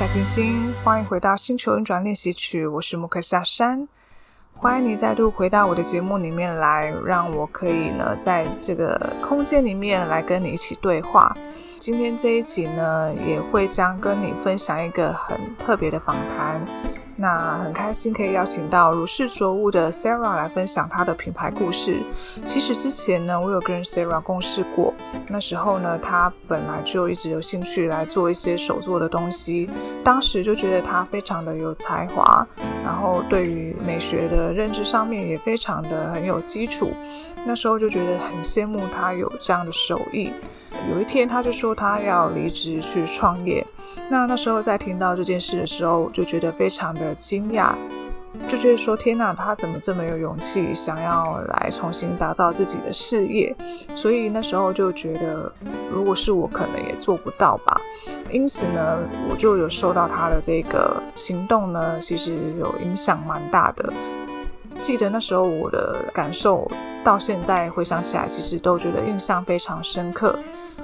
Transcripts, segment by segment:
小星星，歡迎回到《星球運轉練習曲》，我是木克夏山，歡迎你再度回到我的節目裡面來，讓我可以呢在這個空間裡面來跟你一起對話。今天這一集呢，也會將跟你分享一個很特別的訪談。那很開心可以邀請到如是著物的 Sarah 來分享她的品牌故事。其實之前呢，我有跟 Sarah 共事過。那時候呢，她本來就一直有興趣來做一些手作的東西，當時就覺得她非常的有才華，然後對於美學的認知上面也非常的很有基礎。那時候就覺得很羨慕她有這樣的手藝。有一天，他就說他要離職去創業。那那時候在聽到這件事的時候，我就覺得非常的驚訝，就覺得說天哪，他怎麼這麼有勇氣，想要來重新打造自己的事業？所以那時候就覺得，如果是我，可能也做不到吧。因此呢，我就有受到他的這個行動呢，其實有影響蠻大的。記得那時候我的感受，到現在回想起來，其實都覺得印象非常深刻。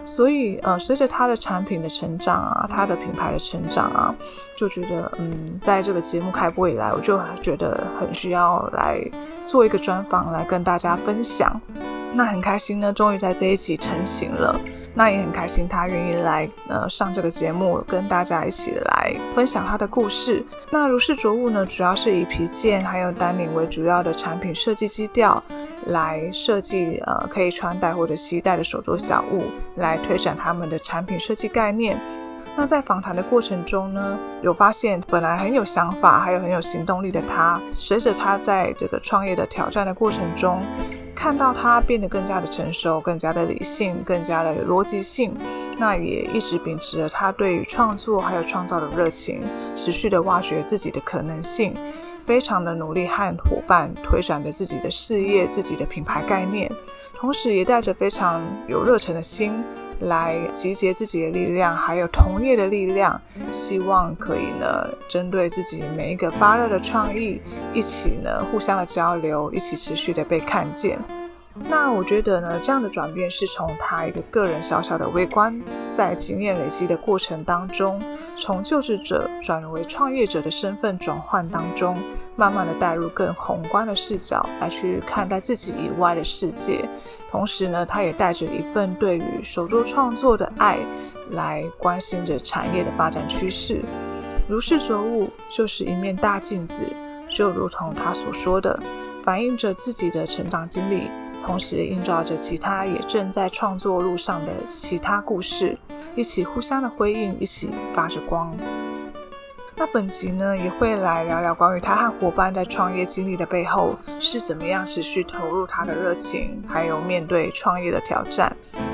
所以，呃，隨着他的產品的成長啊，他的品牌的成長啊，就覺得，嗯，在這個節目開播以來，我就覺得很需要來做一個專訪，來跟大家分享。那很開心呢，終於在這一集成型了。那也很開心，他願意來呃上這個節目，跟大家一起來分享他的故事。那如是着物呢，主要是以皮件還有丹寧為主要的產品設計基調，來設計呃可以穿戴或者攜帶的手作小物，來推展他們的產品設計概念。那在訪談的過程中呢，有發現本來很有想法，還有很有行動力的他，隨着他在這個創業的挑戰的過程中，看到他變得更加的成熟，更加的理性，更加的有邏輯性，那也一直秉持着他對於創作還有創造的熱情，持續的挖掘自己的可能性，非常的努力和夥伴推展着自己的事業、自己的品牌概念，同時也帶着非常有熱忱的心。來集結自己的力量，還有同業的力量，希望可以呢，針對自己每一個發熱的創意，一起呢，互相的交流，一起持續的被看見。那我覺得呢，這樣的轉變是從他一個個人小小的微觀，在經驗累積的過程當中，從就職者轉為創業者的身份轉換當中，慢慢的帶入更宏觀的視角來去看待自己以外的世界。同時呢，他也帶着一份對於手作創作的愛，來關心着產業的發展趨勢。如是著物就是一面大鏡子，就如同他所說的，反映着自己的成長經歷。同時映照着其他也正在創作路上的其他故事，一起互相的輝映，一起發着光。那本集呢，也會來聊聊關於他和夥伴在創業經歷的背後是怎麼樣持續投入他的熱情，還有面對創業的挑戰，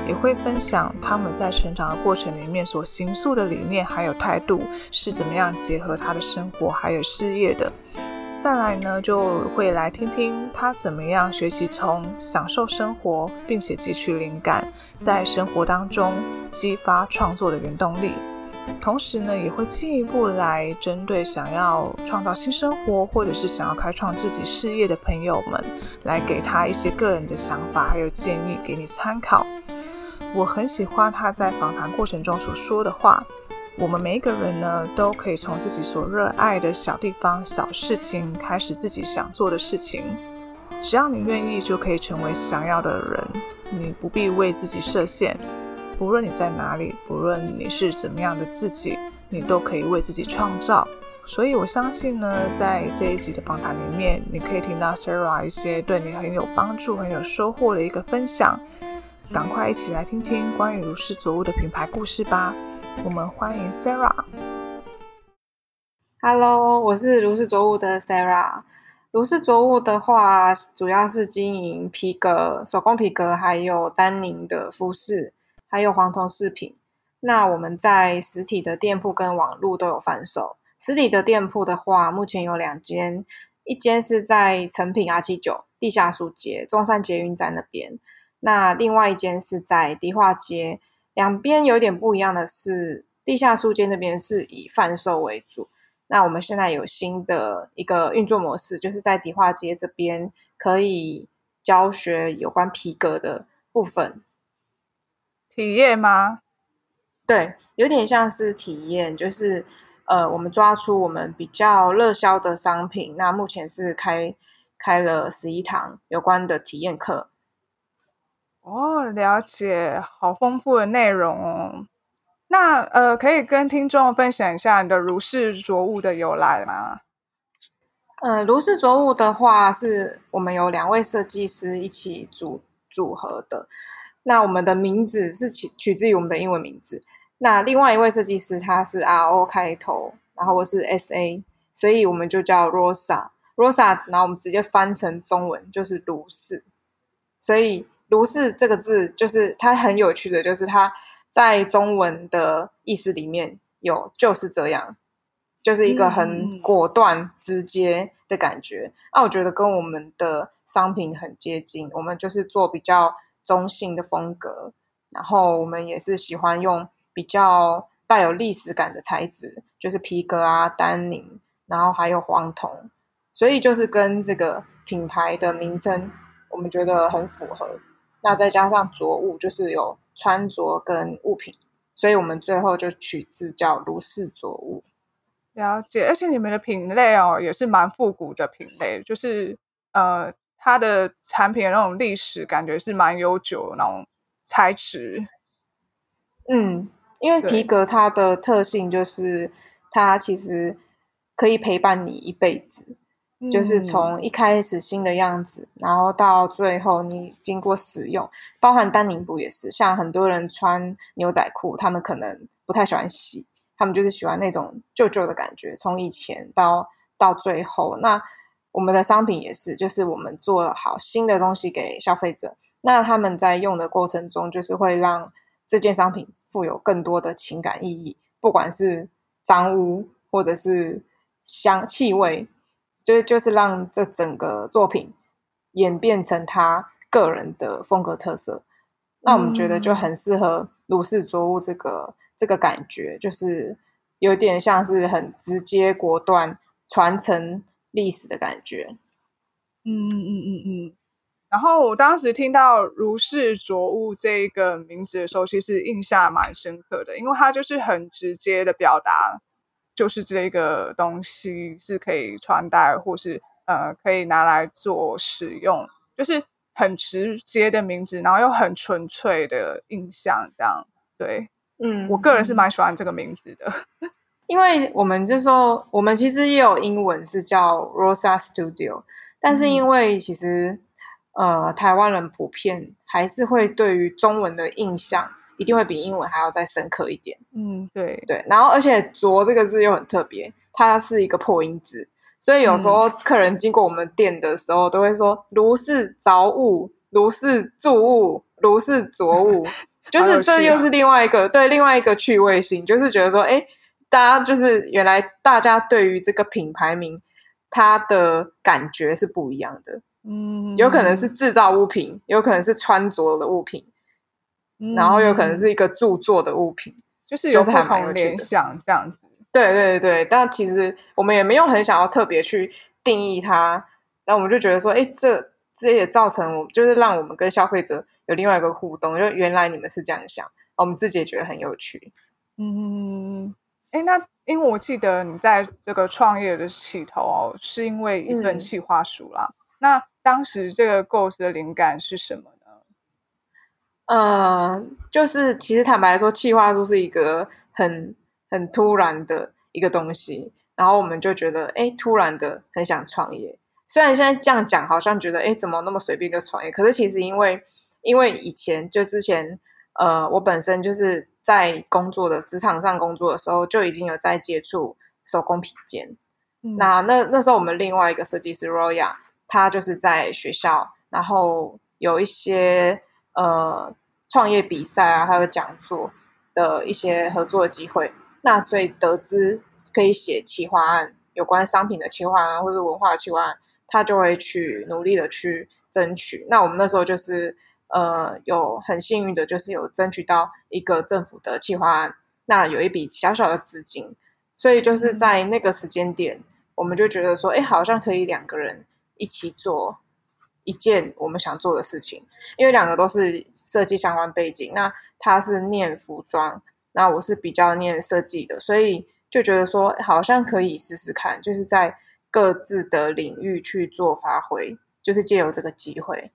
也會分享他們在成長的過程裡面所形塑的理念還有態度是怎麼樣結合他的生活還有事業的。再來呢，就會來聽聽他怎麼樣學習從享受生活，並且汲取靈感，在生活當中激發創作的原動力。同時呢，也會進一步來針對想要創造新生活，或者是想要開創自己事業的朋友們，來給他一些個人的想法，還有建議給你參考。我很喜歡他在訪談過程中所說的話。我們每一個人呢，都可以從自己所熱愛的小地方、小事情開始自己想做的事情。只要你願意，就可以成為想要的人。你不必為自己設限。不論你在哪裡，不論你是怎麼樣的自己，你都可以為自己創造。所以我相信呢，在這一集的訪談裡面，你可以聽到 Sarah 一些對你很有幫助、很有收穫的一個分享。趕快一起來聽聽關於如是著物的品牌故事吧。我們歡迎 Sarah。Hello，我是如是着物的 Sarah。如是着物的話，主要是經營皮革、手工皮革，還有丹寧的服飾，還有黃銅飾品。那我們在實體的店鋪跟網絡都有販售。實體的店鋪的話，目前有兩間，一間是在誠品 R 七九地下書街、中山捷運站那邊，那另外一間是在迪化街。兩邊有點不一樣的是，地下書街那邊是以販售為主。那我們現在有新的一個運作模式，就是在迪化街這邊可以教學有關皮革的部分，體驗嗎？對，有點像是體驗，就是呃，我們抓出我們比較熱銷的商品。那目前是開開了十一堂有關的體驗課。哦，了解，好豐富的內容哦。那呃，可以跟聽眾分享一下你的如是着物的由來嗎？呃，如是着物的話，是我們有兩位設計師一起組組合的。那我們的名字是取取自於我們的英文名字。那另外一位設計師他是 R O 開頭，然後我是 S A，所以我們就叫 Rosa Rosa。然後我們直接翻成中文就是如是，所以。如是這個字，就是它很有趣的就是它在中文的意思裡面有就是這樣，就是一個很果斷直接的感覺啊。那我覺得跟我們的商品很接近，我們就是做比較中性的風格，然後我們也是喜歡用比較帶有歷史感的材質，就是皮革啊、丹寧，然後還有黃銅，所以就是跟這個品牌的名稱我們覺得很符合。那再加上着物，就是有穿着跟物品，所以我們最後就取自叫如是著物。了解，而且你們的品類哦，也是蠻復古的品類，就是呃，它的產品的那種歷史感覺是蠻悠久的那種材質。嗯，因為皮革它的特性就是，它其實可以陪伴你一輩子。就是從一開始新的樣子，嗯，然後到最後你經過使用，包含丹寧布也是，像很多人穿牛仔褲，他們可能不太喜歡洗，他們就是喜歡那種舊舊的感覺。從以前到到最後，那我們的商品也是，就是我們做好新的東西給消費者，那他們在用的過程中，就是會讓這件商品富有更多的情感意義，不管是髒污或者是香氣味。就就是讓這整個作品演變成他個人的風格特色，嗯、那我們覺得就很適合如是着物這個這個感覺，就是有點像是很直接果斷傳承歷史的感覺。嗯嗯嗯嗯嗯。然後我當時聽到如是着物這個名字的時候，其實印象蠻深刻的，因為它就是很直接的表達。就是這個東西是可以穿戴，或是呃可以拿來做使用，就是很直接的名字，然後又很純粹的印象，這樣對，嗯，我個人是蠻喜歡這個名字的，嗯、因為我們就說我們其實也有英文是叫 ROSA Studio，但是因為其實、嗯、呃台灣人普遍還是會對於中文的印象，一定會比英文還要再深刻一點。嗯，對對，然後而且“着”這個字又很特別，它是一個破音字，所以有時候客人經過我們店的時候，都會說、嗯“如是着物，如是著物，如是着物、嗯啊”，就是這又是另外一個對，另外一個趣味性，就是覺得說，哎，大家就是原來大家對於這個品牌名，它的感覺是不一樣的。嗯，有可能是製造物品，有可能是穿着的物品。嗯、然後又可能是一個著作的物品，就是有不同的聯想這樣子。對對對，但其實我們也沒有很想要特別去定義它，那我們就覺得說，哎，這這也造成我就是讓我們跟消費者有另外一個互動，就原來你們是這樣想，我們自己也覺得很有趣。嗯，哎，那因為我記得你在這個創業的起頭哦，是因為一份企劃書啦、嗯。那當時這個構思的靈感是什麼？呃，就是其實坦白說，企劃是一個很很突然的一個東西。然後我們就覺得，哎，突然的很想創業。雖然現在這樣講，好像覺得，哎，怎麼那麼隨便就創業？可是其實因為，因為以前就之前，呃，我本身就是在工作的職場上工作的時候，就已經有在接觸手工皮件、嗯、那那那時候，我們另外一個設計師 Roya，他就是在學校，然後有一些。呃，創業比賽啊，還有講座的一些合作的機會，那所以得知可以寫企劃案，有關商品的企劃案或者文化的企劃案，他就會去努力的去爭取。那我們那時候就是呃，有很幸運的就是有爭取到一個政府的企劃案，那有一筆小小的資金，所以就是在那個時間點，我們就覺得說，哎，好像可以兩個人一起做。一件我們想做的事情，因為兩個都是設計相關背景，那他是念服裝，那我是比較念設計的，所以就覺得說好像可以試試看，就是在各自的領域去做發揮，就是借由這個機會，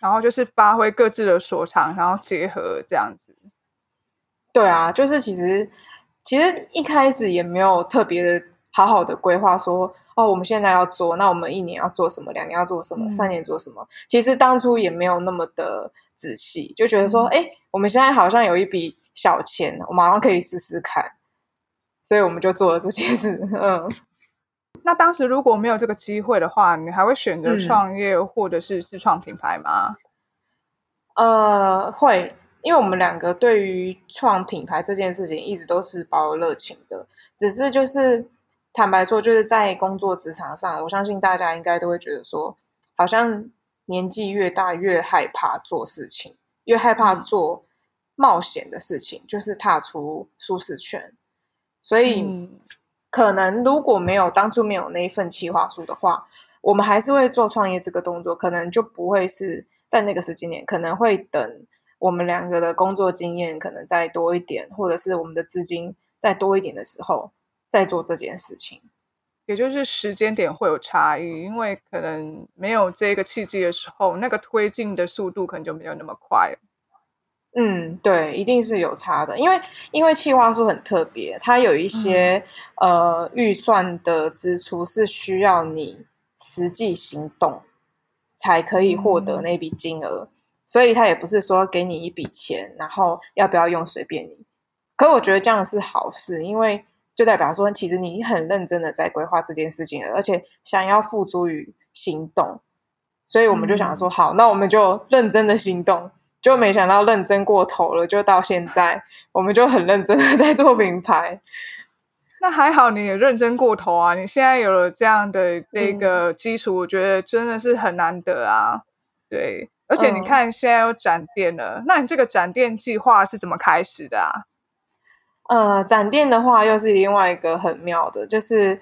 然後就是發揮各自的所長，然後結合這樣子。對啊，就是其實其實一開始也沒有特別的。好好的規劃說哦，我們現在要做，那我們一年要做什麼？兩年要做什麼？嗯、三年做什麼？其實當初也沒有那麼的仔細，就覺得說，哎、嗯，我們現在好像有一筆小錢，我馬上可以試試看，所以我們就做了這件事。嗯，那當時如果沒有這個機會的話，你還會選擇創業或者是自創品牌嗎、嗯？呃，會，因為我們兩個對於創品牌這件事情一直都是抱有熱情的，只是就是。坦白說，就是在工作職場上，我相信大家應該都會覺得說，好像年紀越大越害怕做事情，越害怕做冒險的事情，就是踏出舒適圈。所以，嗯、可能如果沒有當初沒有那一份企劃書的話，我們還是會做創業這個動作，可能就不會是在那個時間點，可能會等我們兩個的工作經驗可能再多一點，或者是我們的資金再多一點的時候。在做這件事情，也就是時間點會有差異，因為可能沒有這個契機的時候，那個推進的速度可能就沒有那麼快。嗯，對，一定是有差的，因為因為企劃書很特別，它有一些、嗯、呃預算的支出是需要你實際行動才可以獲得那筆金額、嗯，所以它也不是說給你一筆錢，然後要不要用隨便你。可我覺得這樣是好事，因為。就代表說，其實你很認真的在規劃這件事情了，而且想要付諸於行動，所以我們就想說好，好、嗯，那我們就認真的行動，就沒想到認真過頭了，就到現在，我們就很認真的在做品牌。那還好你也認真過頭啊！你現在有了這樣的那個基礎、嗯，我覺得真的是很難得啊。對，而且你看現在有展店了、嗯，那你這個展店計劃是怎麼開始的啊？呃，展店的話又是另外一個很妙的，就是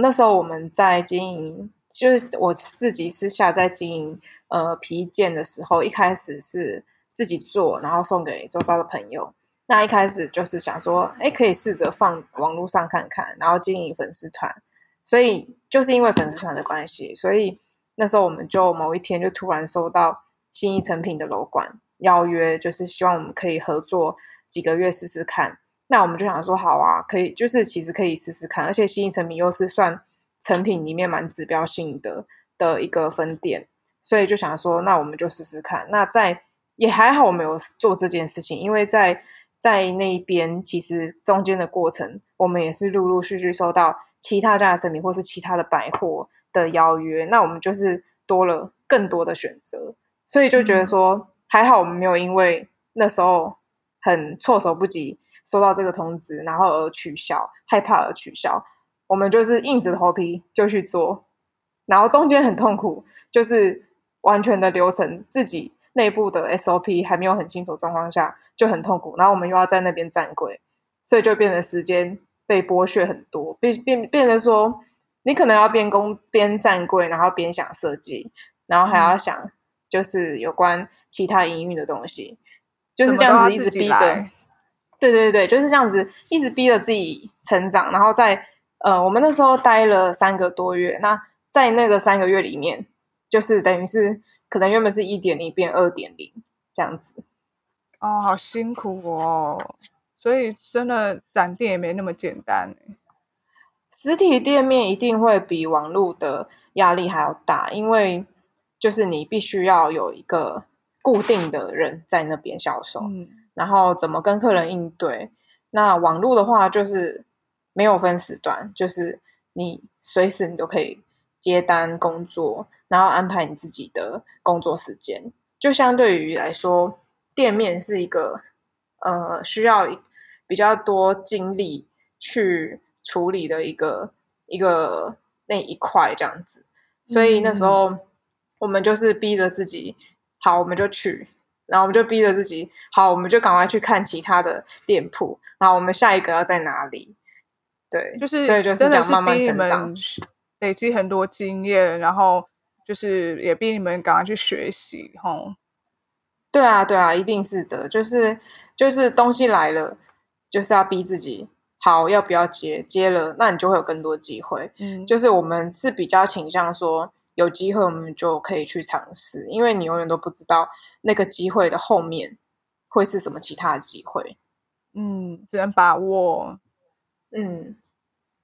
那時候我們在經營，就是我自己私下在經營呃皮件的時候，一開始是自己做，然後送給周遭的朋友。那一開始就是想說，哎，可以試着放網絡上看看，然後經營粉絲團。所以就是因為粉絲團的關係，所以那時候我們就某一天就突然收到信義誠品的樓管邀約，就是希望我們可以合作幾個月試試看。那我們就想說，好啊，可以，就是其實可以試試看，而且信義誠品又是算誠品裡面蠻指標性的的一個分店，所以就想說，那我們就試試看。那在也還好，我們有做這件事情，因為在在那邊其實中間的過程，我們也是陸陸續續續收到其他家的誠品或是其他的百貨的邀約，那我們就是多了更多的選擇，所以就覺得說還好，我們沒有因為那時候很措手不及。收到這個通知，然後而取消，害怕而取消，我們就是硬着頭皮就去做、嗯，然後中間很痛苦，就是完全的流程自己內部的 SOP 還沒有很清楚狀況下就很痛苦，然後我們又要在那邊站櫃，所以就變成時間被剝削很多，變變變成說你可能要邊工邊站櫃，然後邊想設計，然後還要想、嗯、就是有關其他營運的東西，就是這樣子一直逼着。對對對，就是這樣子，一直逼着自己成長，然後在呃，我們那時候待了三個多月。那在那個三個月裡面，就是等於是可能原本是一點零變二點零這樣子。哦，好辛苦哦！所以真的，展店也沒那麼簡單。實體店面一定會比網絡的壓力還要大，因為就是你必須要有一個固定的人在那邊銷售。嗯。然後怎麼跟客人應對？那網絡的話就是沒有分時段，就是你隨時你都可以接單工作，然後安排你自己的工作時間。就相對於來說，店面是一個呃需要比較多精力去處理的一個一個那一塊這樣子。所以那時候我們就是逼着自己，好，我們就去。然後我們就逼着自己，好，我們就趕快去看其他的店鋪。然後我們下一個要在哪裡？對，就是所以就是這樣慢慢成長，累積很多經驗，然後就是也逼你們趕快去學習。吼，對啊，對啊，一定是的。就是就是東西來了，就是要逼自己，好，要不要接？接了，那你就會有更多機會。嗯，就是我們是比較傾向說，有機會我們就可以去嘗試，因為你永遠都不知道。那個機會的後面會是什麼其他的機會？嗯，只能把握。嗯，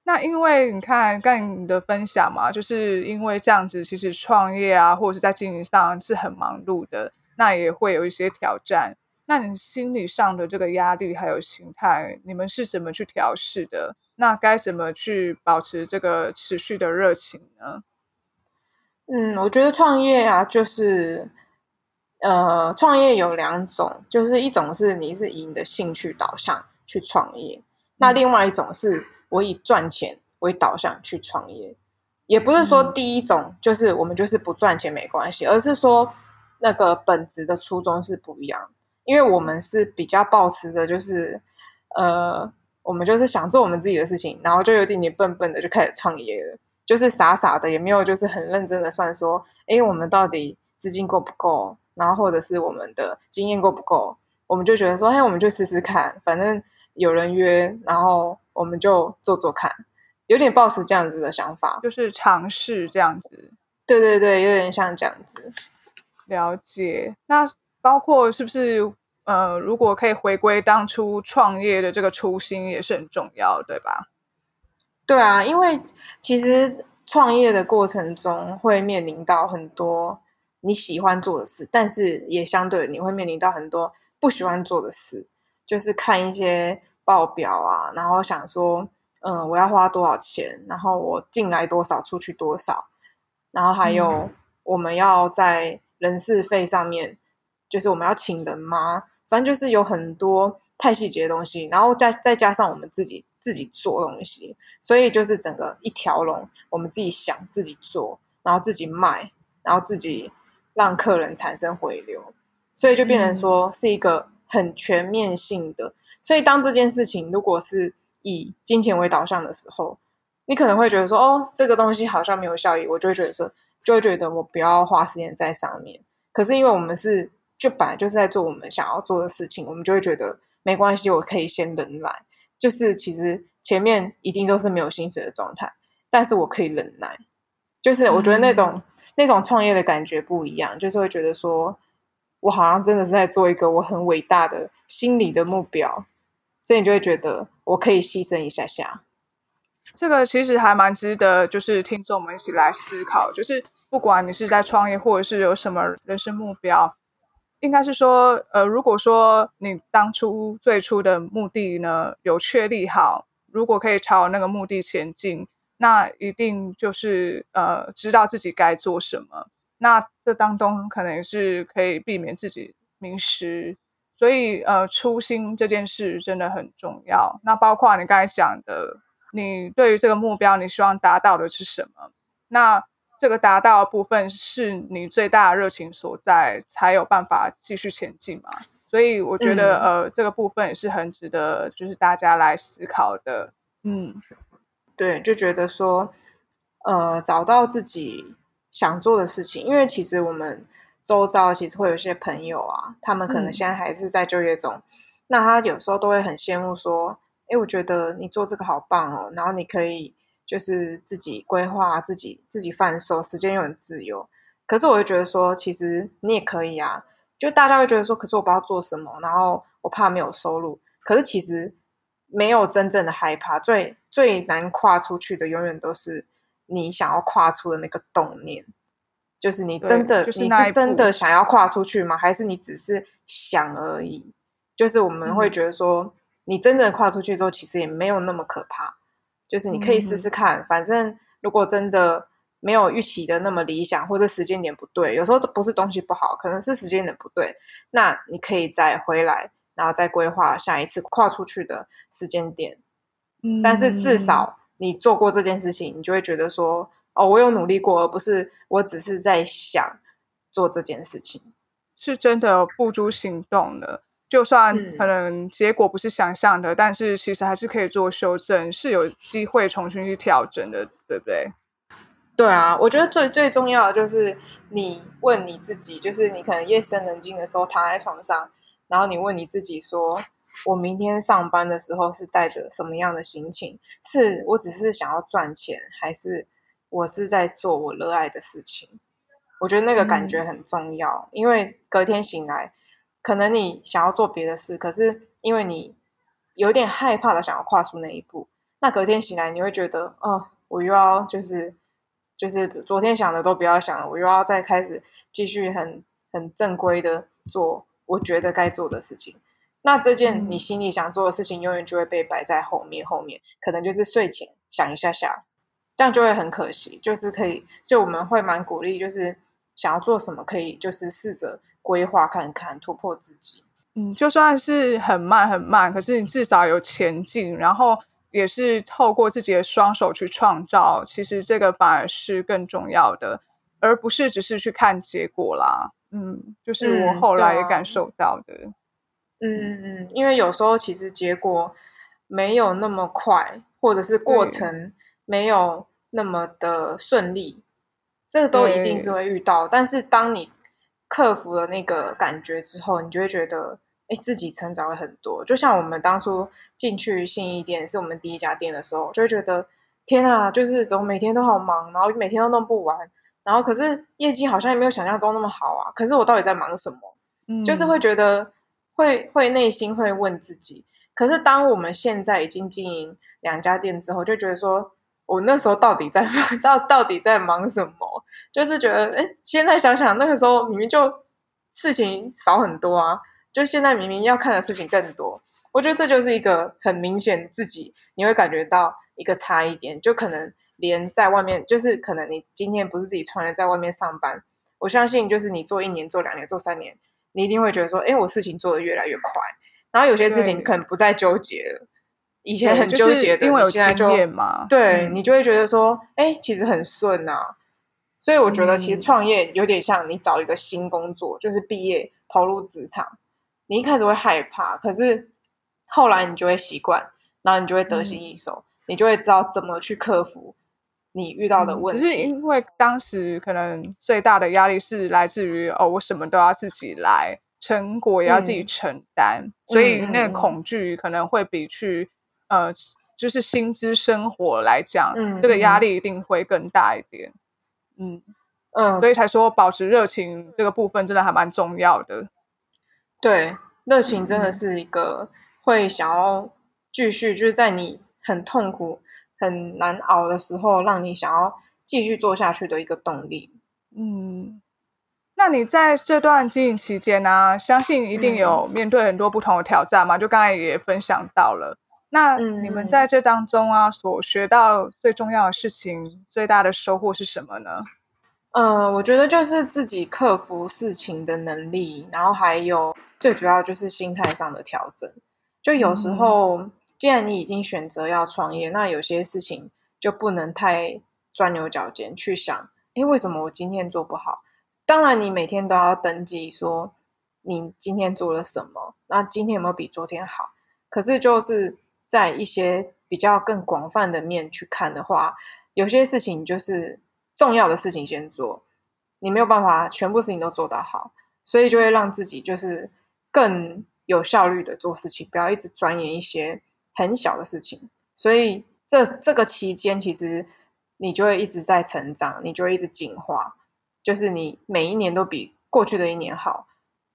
那因為你看，跟你的分享嘛，就是因為這樣子，其實創業啊，或者是在經營上是很忙碌的，那也會有一些挑戰。那你心理上的這個壓力，還有心態，你們是怎麼去調適的？那該怎麼去保持這個持續的熱情呢？嗯，我覺得創業啊，就是。呃，創業有兩種，就是一種是你是以你的興趣導向去創業，那另外一種是我以賺錢為導向去創業。也不是說第一種就是我們就是不賺錢沒關係，而是說那個本質的初衷是不一樣。因為我們是比較抱持的就是呃，我們就是想做我們自己的事情，然後就有點點笨笨的就開始創業了，就是傻傻的，也沒有就是很認真的算說，哎，我們到底資金夠不夠。然後，或者是我們的經驗夠不夠，我們就覺得說，哎，我們就試試看，反正有人約，然後我們就做做看，有點 boss 這樣子的想法，就是嘗試這樣子。對對對，有點像這樣子。了解。那包括是不是呃，如果可以回歸當初創業的這個初心，也是很重要，對吧？對啊，因為其實創業的過程中會面臨到很多。你喜歡做的事，但是也相對你會面臨到很多不喜歡做的事，就是看一些報表啊，然後想說，嗯，我要花多少錢，然後我進來多少，出去多少，然後還有我們要在人事費上面，就是我們要請人嗎？反正就是有很多太細節的東西，然後再再加上我們自己自己做東西，所以就是整個一條龍，我們自己想自己做，然後自己賣，然後自己。讓客人產生回流，所以就變成說是一個很全面性的。嗯。所以當這件事情如果是以金錢為導向的時候，你可能會覺得說：“哦，這個東西好像沒有效益。”我就會覺得說，就會覺得我不要花時間在上面。可是因為我們是就本來就是在做我們想要做的事情，我們就會覺得沒關係，我可以先忍耐。就是其實前面一定都是沒有薪水的狀態，但是我可以忍耐。就是我覺得那種。嗯。那種創業的感覺不一樣，就是會覺得說，我好像真的是在做一個我很偉大的心理的目標，所以你就會覺得我可以犧牲一下下。這個其實還蠻值得，就是聽眾們一起來思考，就是不管你是在創業或者是有什麼人生目標，應該是說，呃，如果說你當初最初的目的呢，有確立好，如果可以朝那個目的前進。那一定就是呃，知道自己該做什麼。那這當中可能也是可以避免自己迷失，所以呃，初心這件事真的很重要。那包括你剛才講的，你對於這個目標，你希望達到的是什麼？那這個達到的部分是你最大的熱情所在，才有辦法繼續前進嘛。所以我覺得，嗯，呃，這個部分也是很值得就是大家來思考的。嗯。對，就覺得說，呃，找到自己想做的事情，因為其實我們周遭其實會有一些朋友啊，他們可能現在還是在就業中，嗯、那他有時候都會很羨慕說，哎，我覺得你做這個好棒哦，然後你可以就是自己規劃自己自己放手，時間又很自由。可是我會覺得說，其實你也可以啊，就大家會覺得說，可是我不知道做什麼，然後我怕沒有收入，可是其實。沒有真正的害怕，最最難跨出去的，永遠都是你想要跨出的那個動念。就是你真的、就是，你是真的想要跨出去嗎？還是你只是想而已？就是我們會覺得說，嗯、你真正跨出去之後，其實也沒有那麼可怕。就是你可以試試看、嗯，反正如果真的沒有預期的那麼理想，或者時間點不對，有時候不是東西不好，可能是時間點不對。那你可以再回來。然後再規劃下一次跨出去的時間點，嗯，但是至少你做過這件事情，你就會覺得說，哦，我有努力過，而不是我只是在想做這件事情，是真的付諸行動了。就算可能結果不是想象的，嗯，但是其實還是可以做修正，是有機會重新去調整的，對不對？對啊，我覺得最最重要的就是你問你自己，就是你可能夜深人靜的時候躺在床上。然後你問你自己說：“我明天上班的時候是帶着什麼樣的心情？是我只是想要賺錢，還是我是在做我熱愛的事情？”我覺得那個感覺很重要，嗯，因為隔天醒來，可能你想要做別的事，可是因為你有點害怕的想要跨出那一步，那隔天醒來你會覺得：“哦，我又要就是就是昨天想的都不要想了，我又要再開始繼續很很正規的做。”我覺得該做的事情，那這件你心裡想做的事情，永遠就會被擺在後面。後面可能就是睡前想一下下，這樣就會很可惜。就是可以，就我們會蠻鼓勵，就是想要做什麼，可以就是試着規劃看看，突破自己。嗯，就算是很慢很慢，可是你至少有前進，然後也是透過自己的雙手去創造。其實這個反而是更重要的，而不是只是去看結果啦。嗯，就是我後來也感受到的。嗯、啊、嗯，因為有時候其實結果沒有那麼快，或者是過程沒有那麼的順利，這個、都一定是會遇到。但是當你克服了那個感覺之後，你就會覺得，哎，自己成長了很多。就像我們當初進去信義店，是我們第一家店的時候，就會覺得，天啊，就是怎麼每天都好忙，然後每天都弄不完。然後可是業績好像也沒有想象中那麼好啊。可是我到底在忙什麼？嗯，就是會覺得會會內心會問自己。可是當我們現在已經經營兩家店之後，就覺得說我那時候到底在到到底在忙什麼？就是覺得哎，現在想想那個時候明明就事情少很多啊。就現在明明要看的事情更多。我覺得這就是一個很明顯自己你會感覺到一個差異點，就可能。連在外面就是可能你今天不是自己創業，在外面上班，我相信就是你做一年、做兩年、做三年，你一定會覺得說：“哎、欸，我事情做得越來越快。”然後有些事情你可能不再糾結了。以前很糾結的，因為有經驗嘛。對、嗯，你就會覺得說：“哎、欸，其實很順啊。”所以我覺得其實創業有點像你找一個新工作，嗯、就是畢業投入職場，你一開始會害怕，可是後來你就會習慣，然後你就會得心應手、嗯，你就會知道怎麼去克服。你遇到的問題，只、嗯、是因為當時可能最大的壓力是來自於哦，我什麼都要自己來，成果也要自己承擔，嗯、所以那個恐懼可能會比去、嗯、呃，就是薪資生活來講、嗯，這個壓力一定會更大一點。嗯嗯，所以才說保持熱情這個部分真的還蠻重要的。對，熱情真的是一個、嗯、會想要繼續，就是在你很痛苦。很難熬的時候，讓你想要繼續做下去的一個動力。嗯，那你在這段經營期間呢、啊，相信一定有面對很多不同的挑戰嘛？嗯、就剛才也分享到了。那你們在這當中啊、嗯，所學到最重要的事情，最大的收穫是什麼呢？呃，我覺得就是自己克服事情的能力，然後還有最主要就是心態上的調整。就有時候。嗯既然你已經選擇要創業，那有些事情就不能太鑽牛角尖去想。誒，為什麼我今天做不好？當然，你每天都要登記說你今天做了什麼，那今天有沒有比昨天好？可是就是在一些比較更廣泛的面去看的話，有些事情就是重要的事情先做，你沒有辦法全部事情都做到好，所以就會讓自己就是更有效率的做事情，不要一直鑽研一些。很小的事情，所以這這個期間，其實你就會一直在成長，你就會一直進化，就是你每一年都比過去的一年好。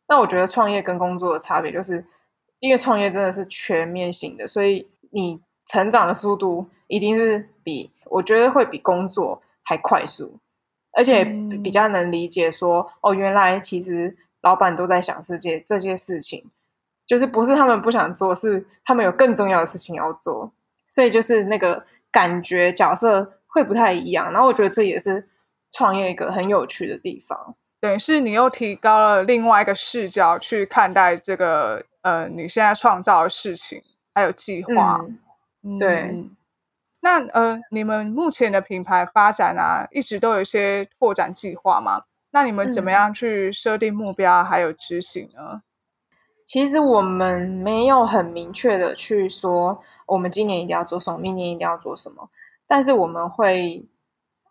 那我覺得創業跟工作的差別，就是因為創業真的是全面性的，所以你成長的速度一定是比我覺得會比工作還快速，而且比較能理解說，哦，原來其實老闆都在想世界這些事情。就是不是他們不想做，是他們有更重要的事情要做，所以就是那個感覺角色會不太一樣。然後我覺得這也是創業一個很有趣的地方，等於是你又提高了另外一個視角去看待這個呃你現在創造的事情還有計劃。嗯嗯、對，那呃你們目前的品牌發展啊，一直都有一些拓展計劃嗎？那你們怎麼樣去設定目標還有執行呢？嗯其實我們沒有很明確的去說，我們今年一定要做什麼，明年一定要做什麼。但是我們會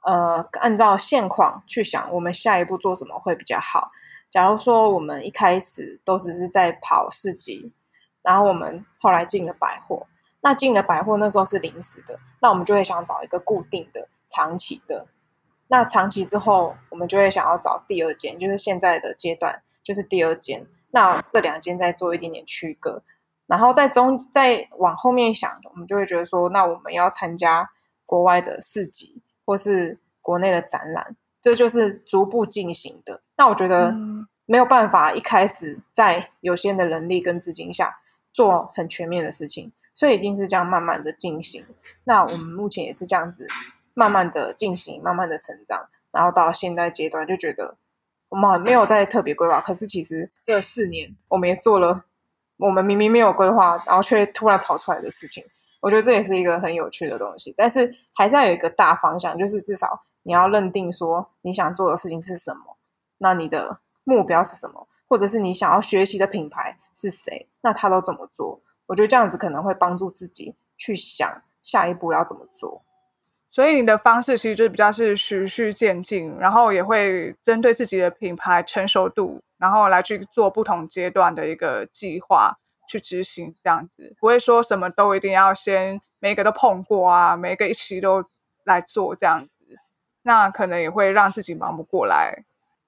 呃按照現況去想，我們下一步做什麼會比較好。假如說我們一開始都只是在跑市集，然後我們後來進了百貨，那進了百貨那時候是臨時的，那我們就會想找一個固定的、長期的。那長期之後，我們就會想要找第二間，就是現在的階段就是第二間。那這兩間再做一點點區隔，然後在中再往後面想，我們就會覺得說，那我們要參加國外的市集或是國內的展覽，這就是逐步進行的。那我覺得沒有辦法一開始在有限的人力跟資金下做很全面的事情，所以一定是這樣慢慢的進行。那我們目前也是這樣子慢慢的進行，慢慢的成長，然後到現在階段就覺得。我們還沒有在特別規劃，可是其實這四年我們也做了，我們明明沒有規劃，然後卻突然跑出來的事情，我覺得這也是一個很有趣的東西。但是還是要有一個大方向，就是至少你要認定說你想做的事情是什麼，那你的目標是什麼，或者是你想要學習的品牌是誰，那他都怎麼做？我覺得這樣子可能會幫助自己去想下一步要怎麼做。所以你的方式其實就是比較是循序漸進，然後也會針對自己的品牌成熟度，然後來去做不同階段的一個計劃去執行，這樣子不會說什麼都一定要先每個都碰過啊，每一個一起都來做這樣子，那可能也會讓自己忙不過來。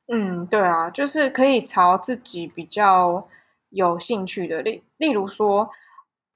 嗯，對啊，就是可以朝自己比較有興趣的例，例如說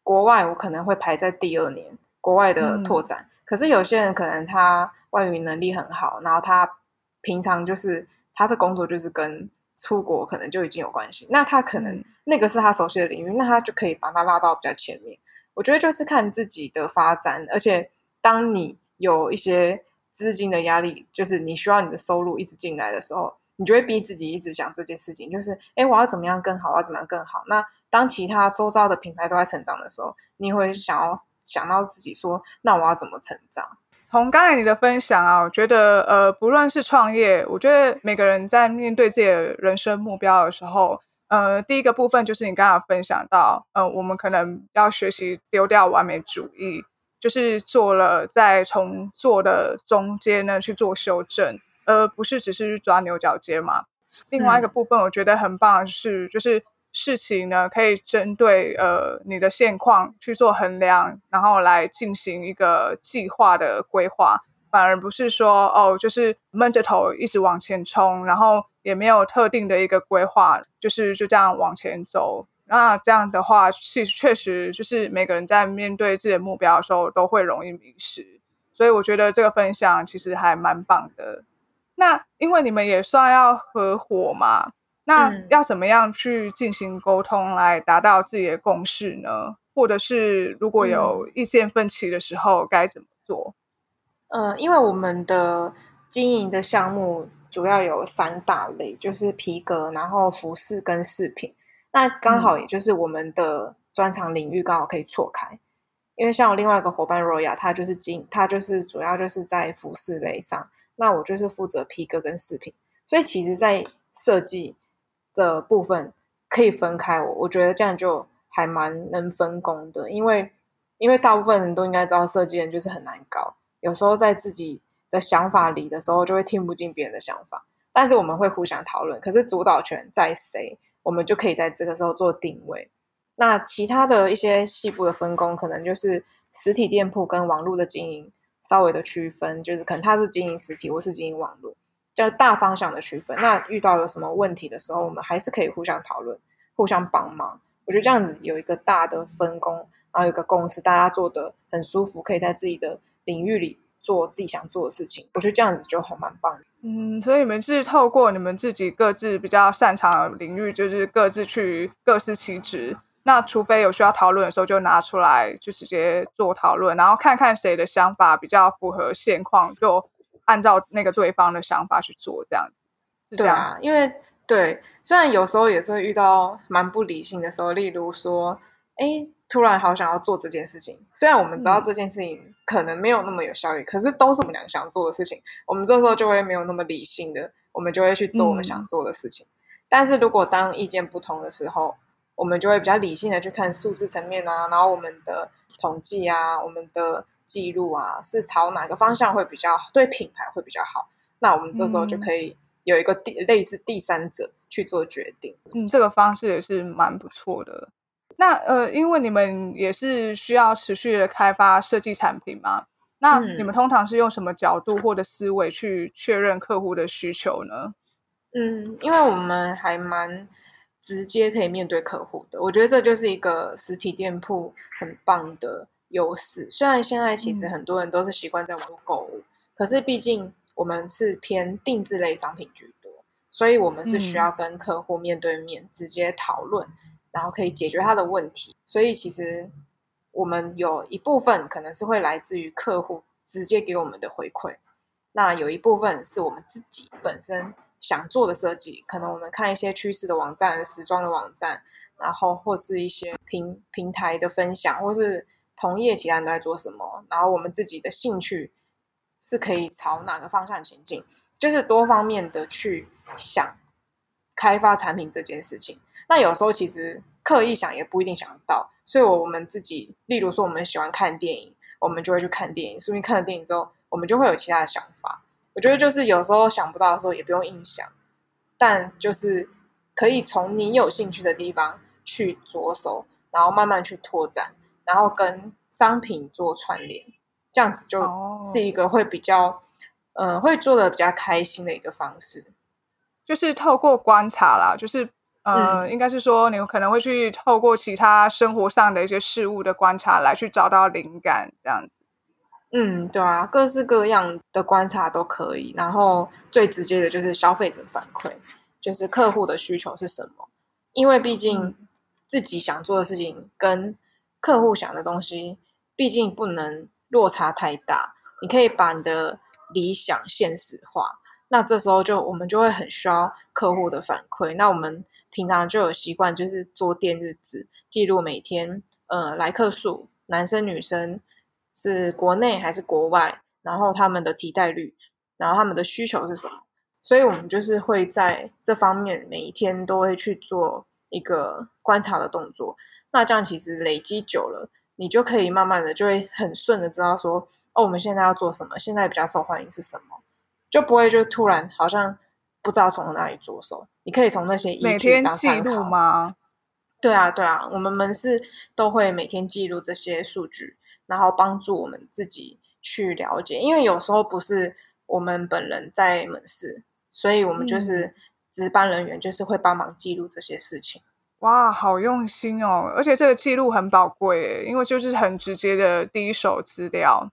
國外，我可能會排在第二年國外的拓展。嗯可是有些人可能他外語能力很好，然後他平常就是他的工作就是跟出國可能就已經有關係。那他可能那個是他熟悉的領域，那他就可以把它拉到比較前面。我覺得就是看自己的發展，而且當你有一些資金的壓力，就是你需要你的收入一直進來的時候，你就會逼自己一直想這件事情，就是哎、欸，我要怎麼樣更好，我要怎麼樣更好。那當其他週遭的品牌都在成長的時候，你會想要。想到自己說，那我要怎麼成長？從剛才你的分享啊，我覺得呃，不論是創業，我覺得每個人在面對自己的人生目標的時候，呃，第一個部分就是你剛才分享到，呃，我們可能要學習丟掉完美主義，就是做了在從做的中間呢去做修正，而、呃、不是只是去抓牛角尖嘛。另外一個部分我覺得很棒的是、嗯、就是。事情呢，可以針對呃你的現況去做衡量，然後來進行一個計劃的規劃，反而不是說哦，就是悶着頭一直往前衝，然後也沒有特定的一個規劃，就是就這樣往前走。那這樣的話，其實確實就是每個人在面對自己的目標的時候，都會容易迷失。所以我覺得這個分享其實還蠻棒的。那因為你們也算要合夥嘛。那要怎麼樣去進行溝通來達到自己的共識呢？嗯、或者是如果有意見分歧的時候該怎麼做？呃，因為我們的經營的項目主要有三大類，就是皮革、然後服飾跟飾品。那剛好也就是我們的專長領域剛好可以錯開，因為像我另外一個夥伴 Roya，他就是經他就是主要就是在服飾類上，那我就是負責皮革跟飾品，所以其實，在設計的部分可以分開我，我我覺得這樣就還蠻能分工的，因為因為大部分人都應該知道，設計人就是很難搞，有時候在自己的想法裡的時候，就會聽不進別人的想法，但是我們會互相討論，可是主導權在誰，我們就可以在這個時候做定位。那其他的一些細部的分工，可能就是實體店鋪跟網絡的經營稍微的區分，就是可能他是經營實體，我是經營網絡。叫大方向的區分，那遇到了什麼問題的時候，我們還是可以互相討論、互相幫忙。我覺得這樣子有一個大的分工，然後有一個共識，大家做得很舒服，可以在自己的領域裡做自己想做的事情。我覺得這樣子就很蠻棒。嗯，所以你們是透過你們自己各自比較擅長的領域，就是各自去各司其職。那除非有需要討論的時候，就拿出來就直接做討論，然後看看誰的想法比較符合現況，就。按照那個對方的想法去做，這樣子是這樣對啊，因為對，雖然有時候也是會遇到蠻不理性的時候，例如說，哎，突然好想要做這件事情，雖然我們知道這件事情可能沒有那麼有效率，嗯，可是都是我們兩個想做的事情，我們這時候就會沒有那麼理性的，我們就會去做我們想做的事情，嗯。但是如果當意見不同的時候，我們就會比較理性的去看數字層面啊，然後我們的統計啊，我們的。記錄啊，是朝哪個方向會比較對品牌會比較好？那我們這時候就可以有一個第、嗯、類似第三者去做決定。嗯，這個方式也是蠻不錯的。那呃，因為你們也是需要持續的開發設計產品嘛。那你們通常是用什麼角度或者思維去確認客戶的需求呢？嗯，因為我們還蠻直接可以面對客戶的，我覺得這就是一個實體店鋪很棒的優勢，雖然現在其實很多人都是習慣在網絡購物、嗯，可是畢竟我們是偏定製類商品居多，所以我們是需要跟客戶面對面直接討論、嗯，然後可以解決他的問題。所以其實我們有一部分可能是會來自於客戶直接給我們的回饋，那有一部分是我們自己本身想做的設計，可能我們看一些趨勢的網站、時裝的網站，然後或是一些平平台的分享，或是。同業其他人都在做什麼，然後我們自己的興趣是可以朝哪個方向前進，就是多方面的去想開發產品這件事情。那有時候其實刻意想也不一定想得到，所以我們自己，例如說我們喜歡看電影，我們就會去看電影，順便看了電影之後，我們就會有其他的想法。我覺得就是有時候想不到的時候也不用硬想，但就是可以從你有興趣的地方去着手，然後慢慢去拓展，然後跟商品做串聯，這樣子就是一個會比較，哦、呃，會做的比較開心的一個方式，就是透過觀察啦，就是呃、嗯，應該是說你可能會去透過其他生活上的一些事物的觀察來去找到靈感，這樣子。嗯，對啊，各式各樣的觀察都可以。然後最直接的就是消費者反饋，就是客戶的需求是什麼？因為畢竟自己想做的事情跟、嗯。客戶想的東西，畢竟不能落差太大。你可以把你的理想現實化，那這時候就我們就會很需要客戶的反饋。那我們平常就有習慣，就是做店日誌，記錄每天呃來客數，男生女生是國內還是國外，然後他們的提袋率，然後他們的需求是什麼。所以我們就是會在這方面每一天都會去做一個觀察的動作。那這樣其實累積久了，你就可以慢慢的就會很順的知道說，哦，我們現在要做什麼，現在比較受歡迎是什麼，就不會就突然好像不知道從哪裡着手。你可以從那些依據每天記錄嗎？對啊，對啊，我們門市都會每天記錄這些數據，然後幫助我們自己去了解。因為有時候不是我們本人在門市，所以我們就是、嗯、值班人員，就是會幫忙記錄這些事情。哇，好用心哦！而且這個記錄很寶貴耶，因為就是很直接的第一手資料。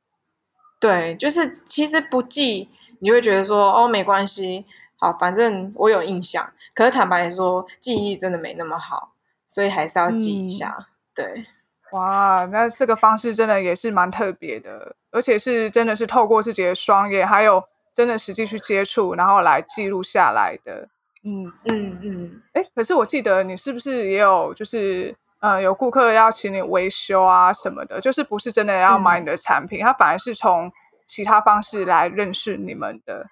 對，就是其實不記，你會覺得說哦，沒關係，好，反正我有印象。可是坦白說，記憶真的沒那麼好，所以還是要記一下、嗯。對，哇，那這個方式真的也是蠻特別的，而且是真的是透過自己的雙眼，還有真的實際去接觸，然後來記錄下來的。嗯嗯嗯，哎、嗯嗯，可是我記得你是不是也有就是、呃、有顧客要請你維修啊什麼的，就是不是真的要買你的產品、嗯，他反而是從其他方式來認識你們的。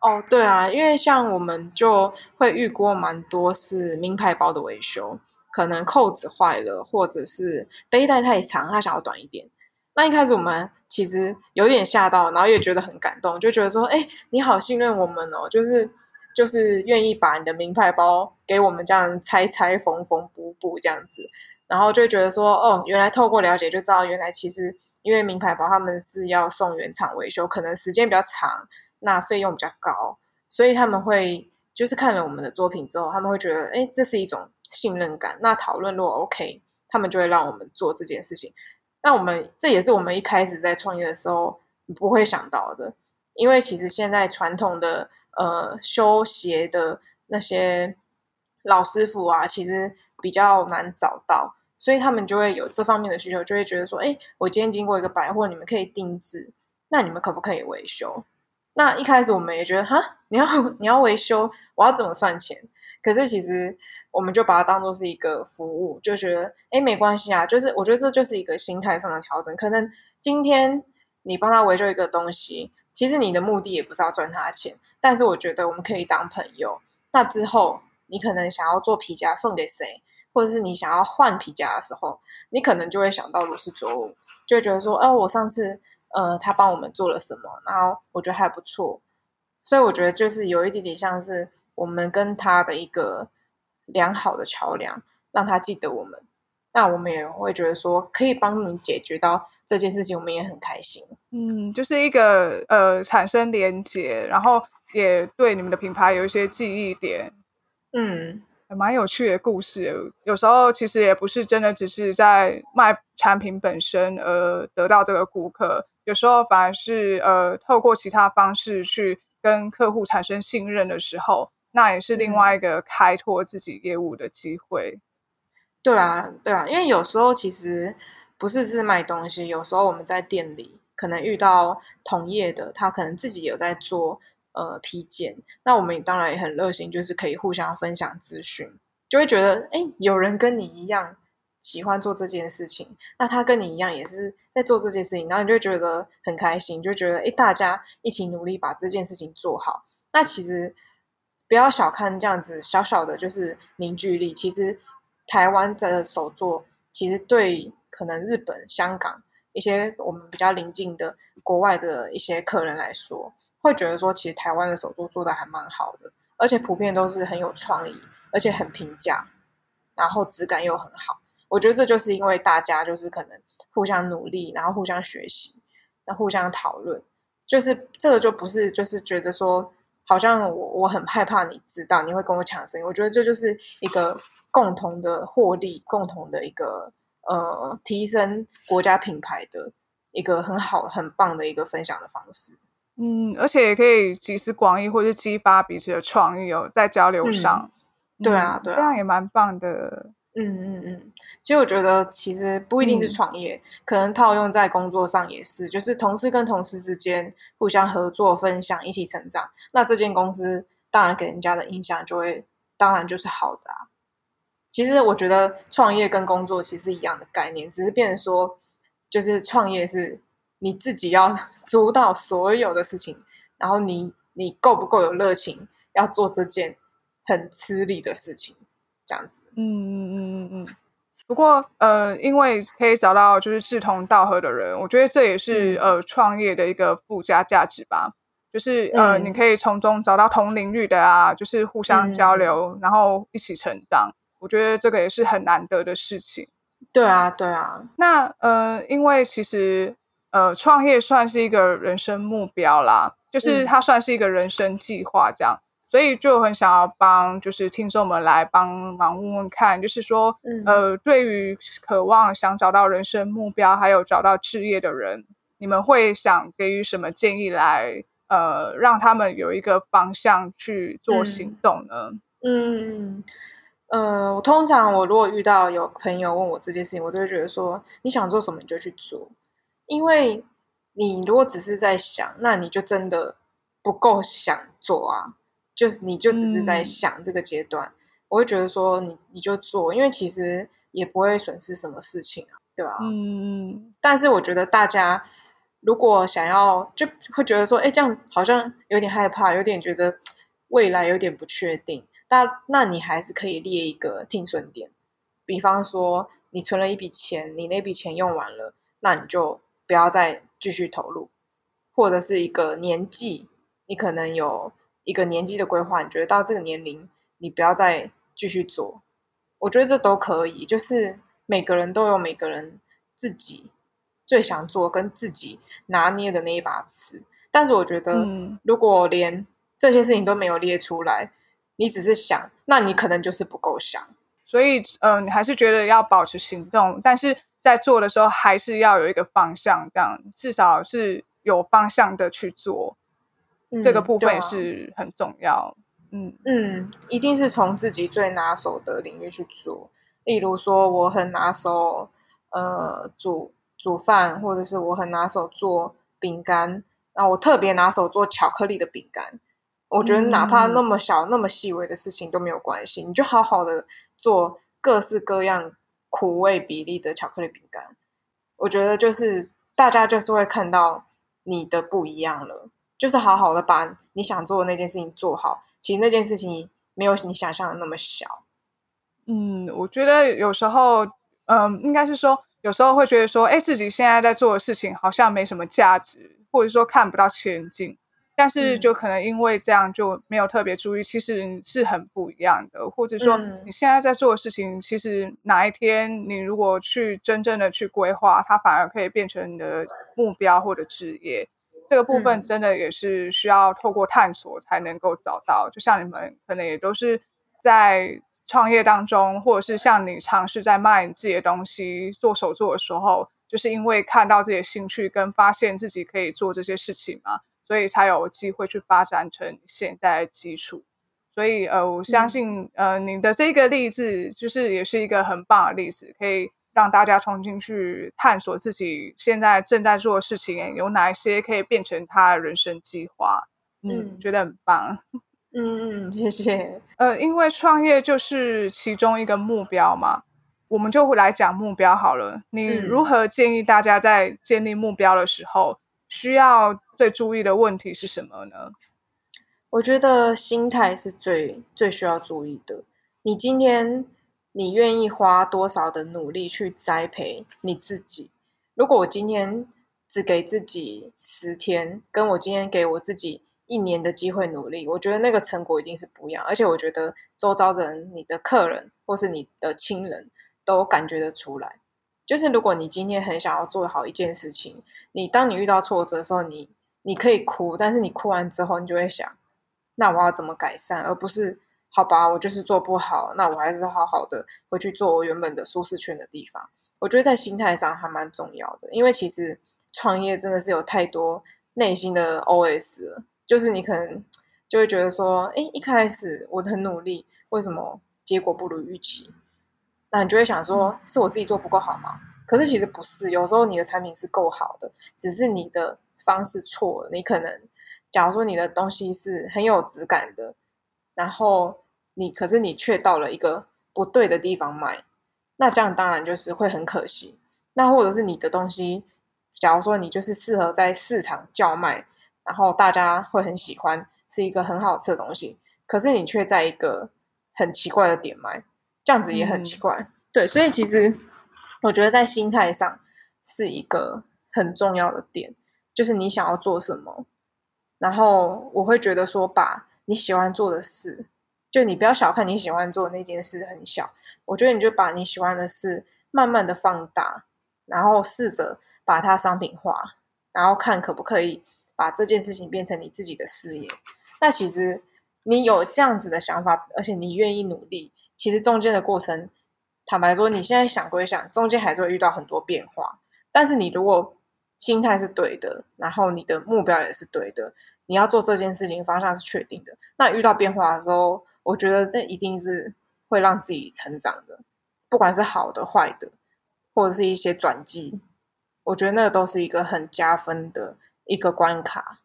哦，對啊，因為像我們就會遇過蠻多是名牌包的維修，可能扣子壞了，或者是背帶太長，他想要短一點。那一開始我們其實有點嚇到，然後也覺得很感動，就覺得說，哎，你好信任我們哦，就是。就是願意把你的名牌包給我們這樣拆拆縫縫補補這樣子，然後就覺得說，哦，原來透過了解就知道，原來其實因為名牌包他們是要送原廠維修，可能時間比較長，那費用比較高，所以他們會就是看了我們的作品之後，他們會覺得，誒，這是一種信任感。那討論如果 OK，他們就會讓我們做這件事情。那我們這也是我們一開始在創業的時候不會想到的，因為其實現在傳統的。呃，修鞋的那些老師傅啊，其實比較難找到，所以他們就會有這方面的需求，就會覺得說：“哎，我今天經過一個百貨，你們可以定制，那你們可不可以維修？”那一開始我們也覺得，哈，你要你要維修，我要怎麼算錢？可是其實我們就把它當做是一個服務，就覺得哎，沒關係啊，就是我覺得這就是一個心態上的調整。可能今天你幫他維修一個東西，其實你的目的也不是要賺他的錢。但是我覺得我們可以當朋友。那之後，你可能想要做皮夾送給誰，或者是你想要換皮夾的時候，你可能就會想到如是著物，就會覺得說，哦、呃，我上次，呃，他幫我們做了什麼，然後我覺得還不錯。所以我覺得就是有一點點像是我們跟他的一個良好的橋梁，讓他記得我們，那我們也會覺得說可以幫你解決到這件事情，我們也很開心。嗯，就是一個呃，產生連接，然後。也對你們的品牌有一些記憶點，嗯，蠻有趣的故事。有時候其實也不是真的只是在賣產品本身而得到這個顧客，有時候反而是呃透過其他方式去跟客戶產生信任的時候，那也是另外一個開拓自己業務的機會。對啊，對啊，因為有時候其實不是是賣東西，有時候我們在店裡可能遇到同業的，他可能自己有在做。呃，皮件，那我們當然也很熱心，就是可以互相分享資訊，就會覺得，誒，有人跟你一樣喜歡做這件事情，那他跟你一樣也是在做這件事情，然後你就覺得很開心，就覺得，誒，大家一起努力把這件事情做好。那其實不要小看這樣子小小的就是凝聚力。其實台灣的手作，其實對可能日本、香港一些我們比較鄰近的國外的一些客人來說，會覺得說，其實台灣的手作做的還蠻好的，而且普遍都是很有創意，而且很平價，然後質感又很好。我覺得這就是因為大家就是可能互相努力，然後互相學習，互相討論，就是這個就不是就是覺得說，好像我我很害怕你知道你會跟我搶生意。我覺得這就是一個共同的獲利，共同的一個呃提升國家品牌的一個很好很棒的一個分享的方式。嗯，而且也可以集思廣益，或者激發彼此的創意哦，在交流上，嗯嗯、啊對啊，這樣也蠻棒的。嗯嗯嗯，嗯，其實我覺得，其實不一定是創業、嗯，可能套用在工作上也是，就是同事跟同事之間互相合作、分享、一起成長，那這間公司當然給人家的印象就會，當然就是好的啊。其實我覺得創業跟工作其實一樣的概念，只是變成說，就是創業是。你自己要做到所有的事情，然後你你夠不夠有熱情要做這件很吃力的事情？這樣子，嗯嗯嗯嗯嗯。不過呃，因為可以找到就是志同道合的人，我覺得這也是、嗯、呃創業的一個附加價值吧。就是呃、嗯，你可以從中找到同領域的啊，就是互相交流、嗯，然後一起成長。我覺得這個也是很難得的事情。對啊，對啊。嗯、那呃，因為其實。呃，創業算是一個人生目標啦，就是它算是一個人生計劃這樣，嗯、所以就很想要幫，就是聽眾們來幫忙問問看，就是說，呃，對於渴望想找到人生目標還有找到事業的人，你們會想給予什麼建議來，呃，讓他們有一個方向去做行動呢？嗯，嗯呃，我通常我如果遇到有朋友問我這件事情，我都會覺得說，你想做什麼你就去做。因為你如果只是在想，那你就真的不夠想做啊，就是你就只是在想這個階段，嗯、我會覺得說你你就做，因為其實也不會損失什麼事情啊，對吧？嗯嗯。但是我覺得大家如果想要，就會覺得說，哎，這樣好像有點害怕，有點覺得未來有點不確定。那那你還是可以列一個停損點，比方說你存了一筆錢，你那筆錢用完了，那你就。不要再繼續投入，或者是一個年紀，你可能有一個年紀的規劃，你覺得到這個年齡你不要再繼續做，我覺得這都可以，就是每個人都有每個人自己最想做跟自己拿捏的那一把尺。但是我覺得，如果連這些事情都沒有列出來，你只是想，那你可能就是不夠想。所以，嗯、呃，你還是覺得要保持行動，但是。在做的時候，還是要有一個方向，這樣至少是有方向的去做。嗯、這個部分是很重要。啊、嗯嗯，一定是從自己最拿手的領域去做。例如說，我很拿手，呃，做煮，煮飯，或者是我很拿手做餅乾。然後我特別拿手做巧克力的餅乾。我覺得，哪怕那麼小、嗯、那麼細微的事情都沒有關係，你就好好的做各式各樣。苦味比例的巧克力餅乾，我覺得就是大家就是會看到你的不一樣了，就是好好的把你想做的那件事情做好。其實那件事情沒有你想象的那麼小。嗯，我覺得有時候，嗯，應該是說有時候會覺得說，哎，自己現在在做的事情好像沒什麼價值，或者說看不到前景。但是，就可能因為這樣就沒有特別注意，嗯、其實是很不一樣的。或者說，你現在在做的事情、嗯，其實哪一天你如果去真正的去規劃，它反而可以變成你的目標或者職業。這個部分真的也是需要透過探索才能夠找到。嗯、就像你們可能也都是在創業當中，或者是像你嘗試在賣你自己的東西、做手作的時候，就是因為看到自己的興趣跟發現自己可以做這些事情嘛。所以才有機會去發展成現在的基礎，所以呃，我相信、嗯、呃，你的這個例子就是也是一個很棒的例子，可以讓大家重新去探索自己現在正在做的事情，有哪一些可以變成他的人生計劃，嗯。嗯，覺得很棒。嗯嗯，謝謝。呃，因為創業就是其中一個目標嘛，我們就會來講目標好了。你如何建議大家在建立目標的時候、嗯、需要？最注意的問題是什麼呢？我覺得心態是最最需要注意的。你今天你願意花多少的努力去栽培你自己？如果我今天只給自己十天，跟我今天給我自己一年的機會努力，我覺得那個成果一定是不一樣。而且我覺得周遭的人、你的客人或是你的親人都感覺得出來。就是如果你今天很想要做好一件事情，你當你遇到挫折的時候，你，你可以哭，但是你哭完之後，你就會想，那我要怎麼改善？而不是好吧，我就是做不好，那我還是好好的回去做我原本的舒適圈的地方。我覺得在心態上還蠻重要的，因為其實創業真的是有太多內心的 OS 了，就是你可能就會覺得說，誒，一開始我很努力，為什麼結果不如預期？那你就會想說，是我自己做不夠好嗎？可是其實不是，有時候你的產品是夠好的，只是你的方式錯了，你可能假如說你的東西是很有質感的，然後你可是你卻到了一個不對的地方賣，那這樣當然就是會很可惜。那或者是你的東西，假如說你就是適合在市場叫賣，然後大家會很喜歡，是一個很好吃的東西，可是你卻在一個很奇怪的點賣，這樣子也很奇怪。嗯，對，所以其實我覺得在心態上是一個很重要的點。就是你想要做什麼，然後我會覺得說，把你喜歡做的事，就你不要小看你喜歡做的那件事很小，我覺得你就把你喜歡的事慢慢的放大，然後試着把它商品化，然後看可不可以把這件事情變成你自己的事業。那其實你有這樣子的想法，而且你願意努力，其實中間的過程，坦白說，你現在想歸想，中間還是會遇到很多變化，但是你如果。心態是對的，然後你的目標也是對的，你要做這件事情的方向是確定的。那遇到變化的時候，我覺得那一定是會讓自己成長的，不管是好的、壞的，或者是一些轉機，我覺得那都是一個很加分的一個關卡。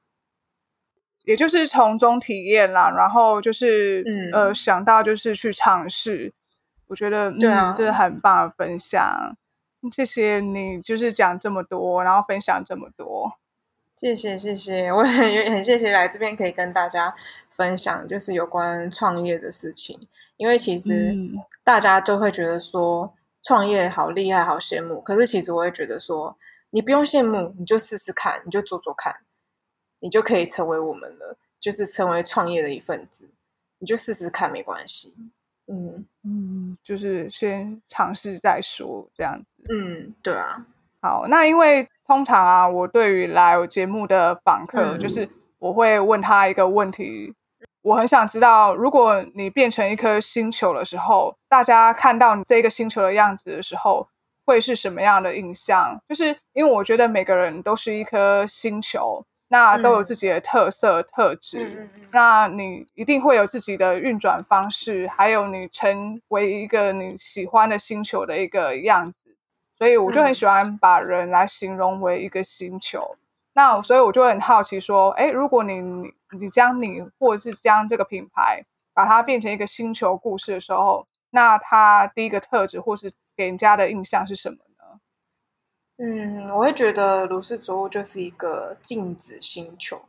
也就是從中體驗啦，然後就是，嗯，呃，想到就是去嘗試，我覺得，對啊，這、嗯、是很棒的分享。謝謝你，就是講這麼多，然後分享這麼多，謝謝謝謝。我很很謝謝來這邊可以跟大家分享，就是有關創業的事情，因為其實大家都會覺得說創業好厲害，好羨慕，可是其實我會覺得說，你不用羨慕，你就試試看，你就做做看，你就可以成為我們了，就是成為創業的一份子，你就試試看，沒關係。嗯嗯，就是先嘗試再說這樣子。嗯，對啊。好，那因為通常啊，我對於來我節目的訪客，就是我會問他一個問題。嗯。我很想知道，如果你變成一顆星球的時候，大家看到你這個星球的樣子的時候，會是什麼樣的印象？就是因為我覺得每個人都是一顆星球。那都有自己的特色，嗯、特質，那你一定會有自己的運轉方式，還有你成為一個你喜歡的星球的一個樣子。所以我就很喜歡把人來形容為一個星球。嗯、那所以我就很好奇，說，誒、欸，如果你你將你或者是將這個品牌把它變成一個星球故事的時候，那它第一個特質或是給人家的印象是什麼？嗯，我會覺得如是著物就是一個鏡子星球，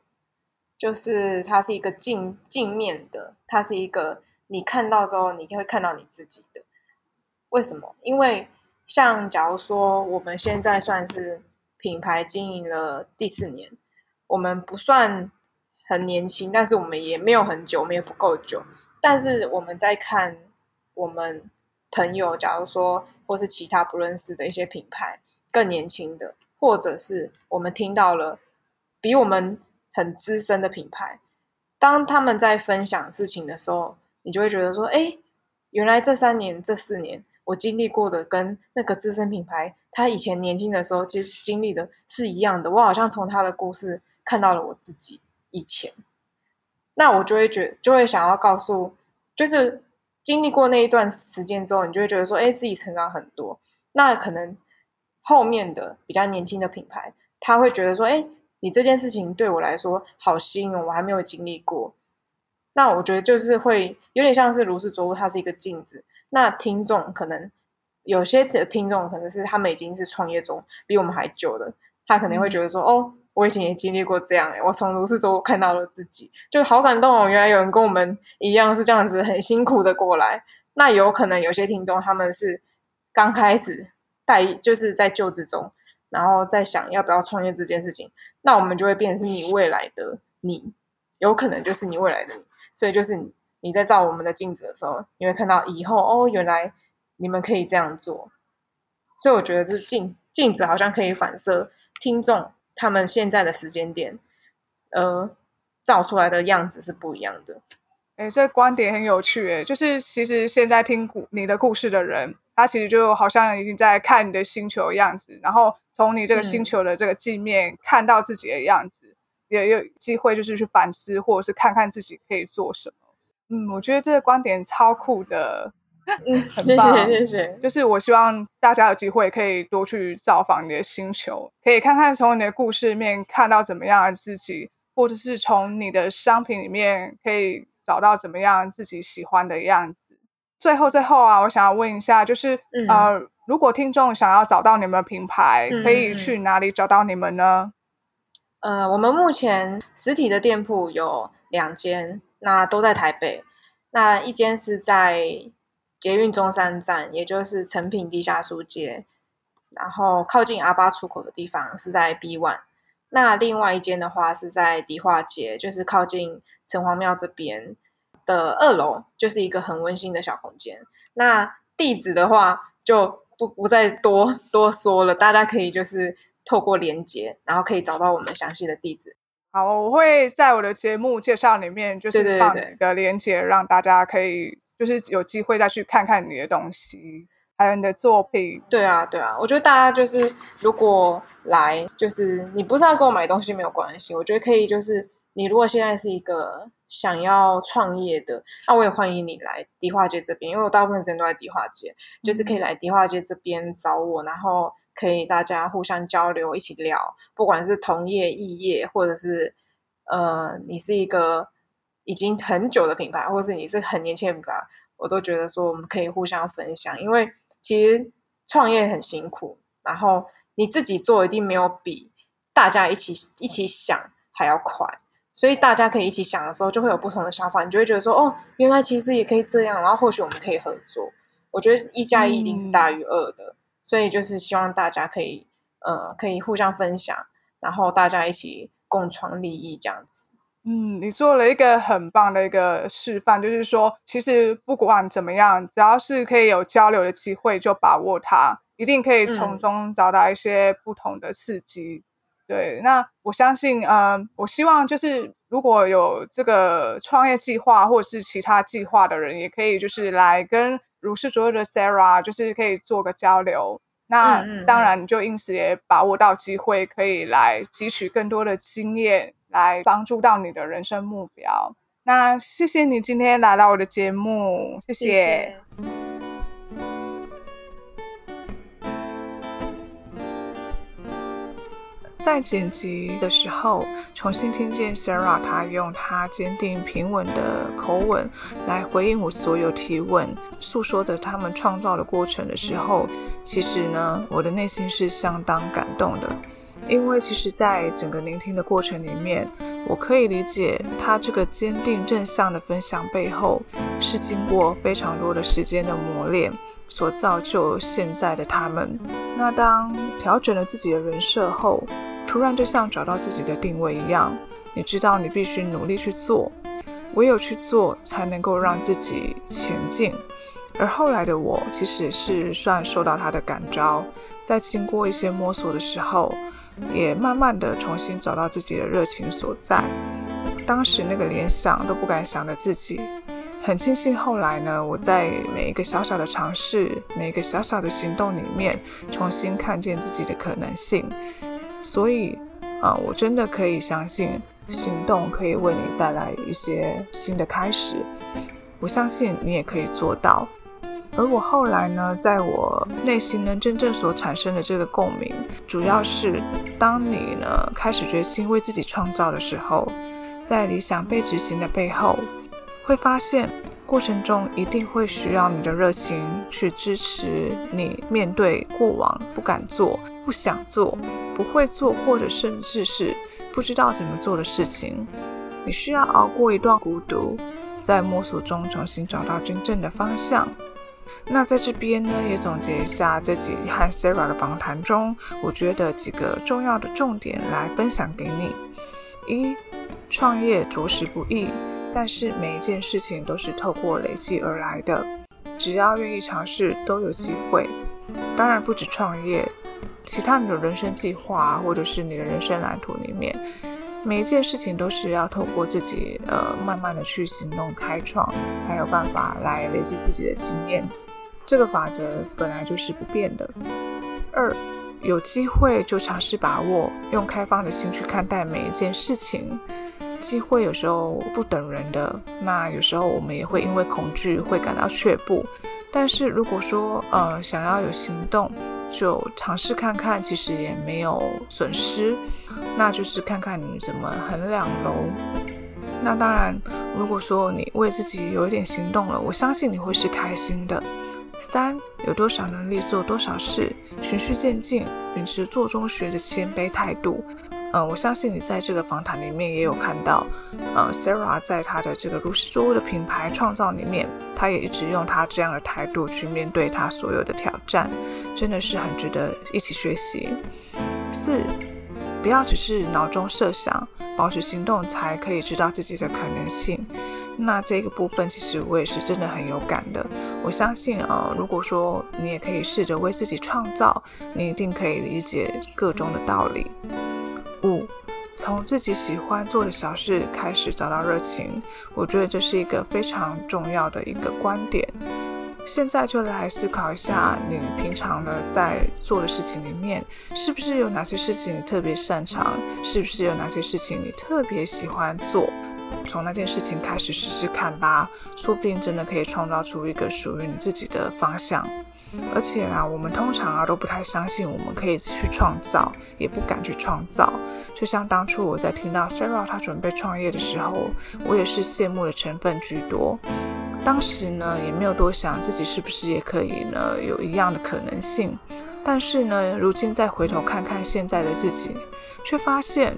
就是它是一個鏡鏡面的，它是一個你看到之後，你一定會看到你自己的。為什麼？因為像假如說我們現在算是品牌經營了第四年，我們不算很年輕，但是我們也沒有很久，我們也不夠久。但是我們在看我們朋友，假如說或是其他不認識的一些品牌。更年輕的，或者是我們聽到了比我們很資深的品牌，當他們在分享事情的時候，你就會覺得說：“誒，原來這三年、這四年我經歷過的，跟那個資深品牌他以前年輕的時候經經歷的是一樣的。”我好像從他的故事看到了我自己以前，那我就會覺就會想要告訴，就是經歷過那一段時間之後，你就會覺得說：“誒，自己成長很多。”那可能。後面的比較年輕的品牌，他會覺得說：“哎，你這件事情對我來說好新哦，我還沒有經歷過。”那我覺得就是會有點像是如是著物，它是一個鏡子。那聽眾可能有些聽眾可能是他們已經是創業中比我們還久的，他可能會覺得說：“哦，我以前也經歷過這樣，我從如是著物看到了自己，就好感動哦，原來有人跟我們一樣是這樣子很辛苦的過來。”那有可能有些聽眾他們是剛開始。在就是在就職中，然後在想要不要創業這件事情，那我們就會變成是你未來的你，有可能就是你未來的你，所以就是你你在照我們的鏡子的時候，你會看到以後，哦，原來你們可以這樣做，所以我覺得這鏡鏡子好像可以反射聽眾他們現在的時間點，呃，照出來的樣子是不一樣的。哎，這個觀點很有趣哎，就是其實現在聽故你的故事的人，他其實就好像已經在看你的星球的樣子，然後從你這個星球的這個鏡面、嗯、看到自己的樣子，也有機會就是去反思，或者是看看自己可以做什麼。嗯，我覺得這個觀點超酷的，嗯，很棒，謝謝謝謝，就是我希望大家有機會可以多去造訪你的星球，可以看看從你的故事面看到怎麼樣的自己，或者是從你的商品裡面可以。找到怎麼樣自己喜歡的樣子。最後，最後啊，我想要問一下，就是、嗯、呃，如果聽眾想要找到你們的品牌、嗯，可以去哪裡找到你們呢？呃，我們目前實體的店鋪有兩間，那都在台北。那一間是在捷運中山站，也就是誠品地下書街，然後靠近 R8 出口的地方，是在 B One。那另外一間的話是在迪化街，就是靠近城隍廟這邊的二樓，就是一個很溫馨的小空間。那地址的話就不不再多多說了，大家可以就是透過連結，然後可以找到我們詳細的地址。好哦，我會在我的節目介紹裡面就是放你的連結，對對對對，讓大家可以就是有機會再去看看你的東西。還、啊、有你的作品，對啊，對啊，我覺得大家就是如果來，就是你不是要跟我買東西沒有關係，我覺得可以，就是你如果現在是一個想要創業的，那我也歡迎你來迪化街這邊，因為我大部分時間都在迪化街，就是可以來迪化街這邊找我，嗯、然後可以大家互相交流，一起聊，不管是同業異業，或者是呃，你是一個已經很久的品牌，或者是你是很年輕的品牌，我都覺得說我們可以互相分享，因為。其實創業很辛苦，然後你自己做一定沒有比大家一起一起想還要快，所以大家可以一起想的時候，就會有不同的想法，你就會覺得說，哦，原來其實也可以這樣，然後或許我們可以合作。我覺得一加一一定是大於二的。嗯，所以就是希望大家可以，呃，可以互相分享，然後大家一起共創利益這樣子。嗯，你做了一個很棒的一個示範，就是說，其實不管怎麼樣，只要是可以有交流的機會，就把握它，一定可以從中找到一些不同的刺激。嗯、對，那我相信，嗯、呃，我希望就是如果有這個創業計劃或者是其他計劃的人，也可以就是來跟如是著物的 Sarah，就是可以做個交流。那當然，你就因此也把握到機會，可以來汲取更多的經驗。來幫助到你的人生目標。那謝謝你今天來到我的節目，謝謝。謝謝。在剪輯的時候，重新聽見 Sarah，她用她堅定平穩的口吻來回應我所有提問，訴說着他們創造的過程的時候，嗯、其實呢，我的內心是相當感動的。因為其實，在整個聆聽的過程裡面，我可以理解他這個堅定正向的分享背後，是經過非常多的時間的磨練所造就現在的他們。那當調整了自己的人設後，突然就像找到自己的定位一樣，你知道，你必須努力去做，唯有去做才能夠讓自己前進。而後來的我，其實是算受到他的感召，在經過一些摸索的時候。也慢慢的重新找到自己的熱情所在，當時那個連想都不敢想的自己，很慶幸後來呢，我在每一個小小的嘗試、每一個小小的行動裡面，重新看見自己的可能性。所以，啊，我真的可以相信，行動可以為你帶來一些新的開始。我相信你也可以做到。而我後來呢，在我內心呢，真正所產生的這個共鳴，主要是當你呢開始決心為自己創造的時候，在理想被執行的背後，會發現過程中一定會需要你的熱情去支持你面對過往不敢做、不想做、不會做，或者甚至是不知道怎麼做的事情。你需要熬過一段孤獨，在摸索中重新找到真正的方向。那在這邊呢，也總結一下這集和 Sarah 的訪談中，我覺得幾個重要的重點來分享給你。一，創業着實不易，但是每一件事情都是透過累積而來的，只要願意嘗試，都有機會。當然不止創業，其他你的人生計劃或者是你的人生藍圖裡面。每一件事情都是要透過自己，呃，慢慢的去行動開創，才有辦法來累積自己的經驗。這個法則本來就是不變的。二，有機會就嘗試把握，用開放的心去看待每一件事情。機會有時候不等人的，那有時候我們也會因為恐懼會感到卻步。但是如果說呃，想要有行動，就嘗試看看，其實也沒有損失，那就是看看你怎麼衡量嘍。那當然，如果說你為自己有一點行動了，我相信你會是開心的。三，有多少能力做多少事，循序漸進，秉持做中學的謙卑態度。嗯、呃，我相信你在這個訪談裡面也有看到，呃，Sarah 在她的這個如是著物的品牌創造裡面，她也一直用她這樣的態度去面對她所有的挑戰，真的是很值得一起學習。四，不要只是腦中設想，保持行動才可以知道自己的可能性。那這個部分其實我也是真的很有感的。我相信啊、呃，如果說你也可以試着為自己創造，你一定可以理解個中的道理。五，從自己喜歡做的小事開始找到熱情，我覺得這是一個非常重要的一個觀點。現在就來思考一下，你平常呢在做的事情裡面，是不是有哪些事情你特別擅長？是不是有哪些事情你特別喜歡做？從那件事情開始試試看吧，說不定真的可以創造出一個屬於你自己的方向。而且啊，我們通常啊都不太相信我們可以去創造，也不敢去創造。就像當初我在聽到 Sarah 她準備創業的時候，我也是羨慕的成分居多。當時呢也沒有多想自己是不是也可以呢有一樣的可能性。但是呢，如今再回頭看看現在的自己，卻發現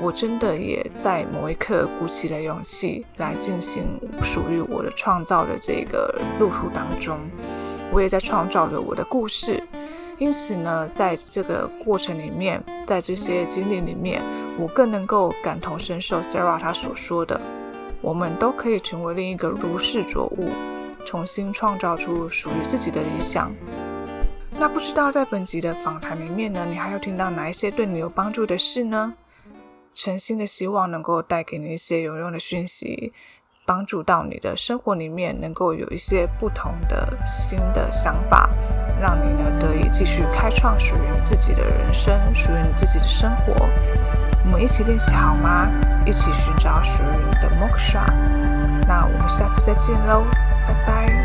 我真的也在某一刻鼓起了勇氣來進行屬於我的創造的這個路途當中。我也在創造着我的故事，因此呢，在這個過程裡面，在這些經歷裡面，我更能夠感同身受，Sarah 她所說的，我們都可以成為另一個如是著物，重新創造出屬於自己的理想。那不知道在本集的訪談裡面呢，你還有聽到哪一些對你有幫助的事呢？誠心的希望能夠帶給你一些有用的訊息。幫助到你的生活裡面，能夠有一些不同的新的想法，讓你呢，得以繼續開創屬於你自己的人生，屬於你自己的生活。我們一起練習好嗎？一起尋找屬於你的 Moksha。那我們下次再見嘍，拜拜。